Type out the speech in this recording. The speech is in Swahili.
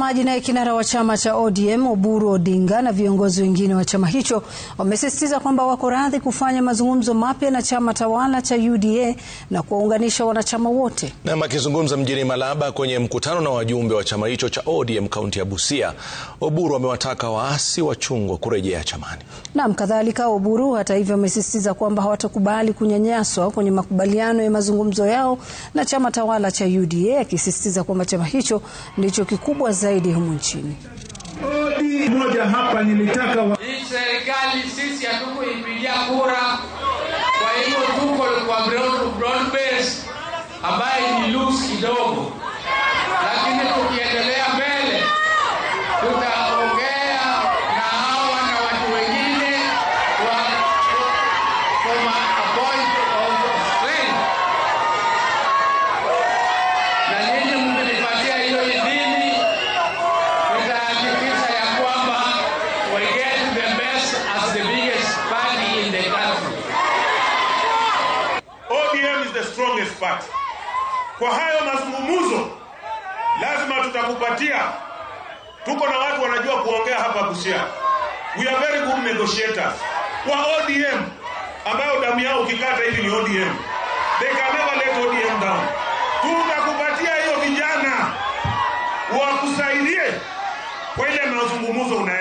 Mtazamaji, naye kinara wa chama cha ODM Oburu Odinga na viongozi wengine wa chama hicho wamesisitiza kwamba wako radhi kufanya mazungumzo mapya na chama tawala cha UDA na kuwaunganisha wanachama wote. Na akizungumza mjini Malaba kwenye mkutano na wajumbe wa chama hicho cha ODM kaunti ya Busia, Oburu amewataka waasi wachungwa kurejea chamani. Nam kadhalika, Oburu hata hivyo amesisitiza kwamba hawatakubali kunyanyaswa kwenye makubaliano ya mazungumzo yao na chama tawala cha UDA, akisisitiza kwamba chama hicho ndicho kikubwa zaidi zaidi humu nchini. Odi moja hapa nilitaka wa... hii serikali sisi hatukuipigia kura, kwa hiyo tuko kwa broad base ambaye ni loose kidogo, lakini tukiendelea is the strongest part. Kwa hayo mazungumzo lazima tutakupatia. Tuko na watu wanajua kuongea hapa Busia. We are very good negotiators. Kwa ODM ambayo damu yao ukikata hivi ni ODM. They can never let ODM down. Tutakupatia hiyo vijana wakusaidie kwa ile mazungumzo una